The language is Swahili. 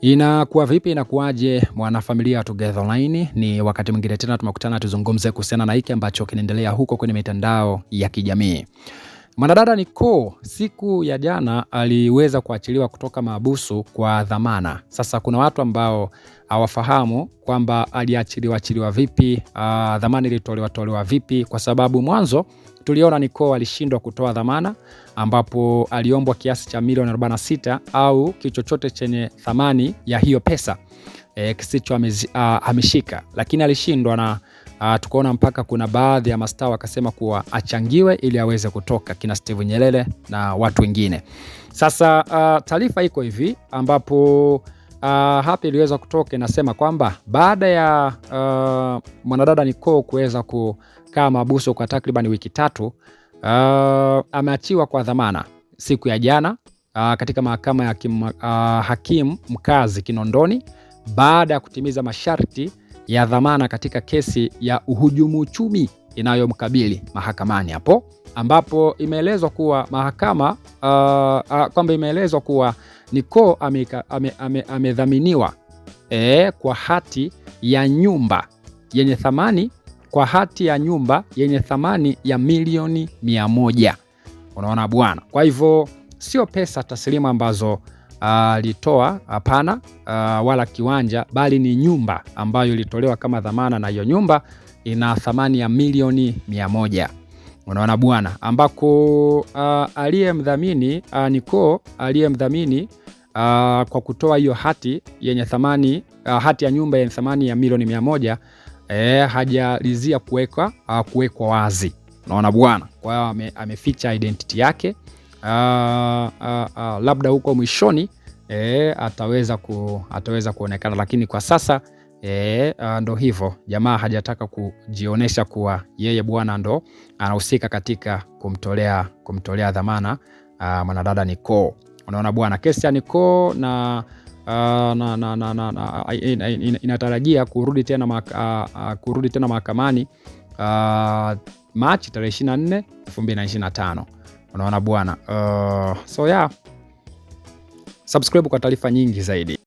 Inakuwa vipi, inakuwaje mwanafamilia Together Online? Ni wakati mwingine tena tumekutana tuzungumze kuhusiana na hiki ambacho kinaendelea huko kwenye mitandao ya kijamii. Mwanadada Nicole siku ya jana aliweza kuachiliwa kutoka mahabusu kwa dhamana. Sasa kuna watu ambao hawafahamu kwamba aliachiliwa achiliwa vipi, ah, dhamana ilitolewa tolewa vipi, kwa sababu mwanzo tuliona Nicole alishindwa kutoa dhamana ambapo aliombwa kiasi cha milioni 46 au kichochote chochote chenye thamani ya hiyo pesa e, eh, kisicho ah, ameshika, lakini alishindwa na Uh, tukaona mpaka kuna baadhi ya mastaa wakasema kuwa achangiwe ili aweze kutoka kina Steve Nyerere na watu wengine. Sasa uh, taarifa iko hivi ambapo uh, ah, hapa iliweza kutoka inasema kwamba baada ya uh, mwanadada Niko kuweza kukaa mabuso kwa takriban wiki tatu uh, ameachiwa kwa dhamana siku ya jana uh, katika mahakama ya hakim, uh, hakim mkazi Kinondoni baada ya kutimiza masharti ya dhamana katika kesi ya uhujumu uchumi inayomkabili mahakamani hapo, ambapo imeelezwa kuwa mahakama uh, uh, kwamba imeelezwa kuwa niko amedhaminiwa ame, ame, ame e, kwa hati ya nyumba yenye thamani kwa hati ya nyumba yenye thamani ya milioni mia moja. Unaona bwana, kwa hivyo sio pesa taslimu ambazo alitoa hapana, uh, wala kiwanja, bali ni nyumba ambayo ilitolewa kama dhamana, na hiyo nyumba ina thamani ya milioni mia moja. Unaona bwana, ambako uh, aliyemdhamini uh, niko aliyemdhamini Uh, kwa kutoa hiyo hati yenye thamani uh, hati ya nyumba yenye thamani ya milioni mia moja eh, hajalizia kuwekwa uh, kuwekwa wazi. Unaona bwana, kwa hiyo ame, ameficha identity yake aa, ah, aa, ah, ah, labda huko mwishoni e, ataweza, ku, ataweza kuonekana, lakini kwa sasa e, ndo hivyo, jamaa hajataka kujionyesha kuwa yeye bwana ndo anahusika katika kumtolea, kumtolea dhamana mwanadada Nicole. Unaona bwana, kesi ya Nicole na Uh, na, na, na, na, na, in, in, in, inatarajia kurudi tena mahakamani uh, uh, uh, Machi tarehe 24, 2025. Unaona bwana, uh, so yeah, subscribe kwa taarifa nyingi zaidi.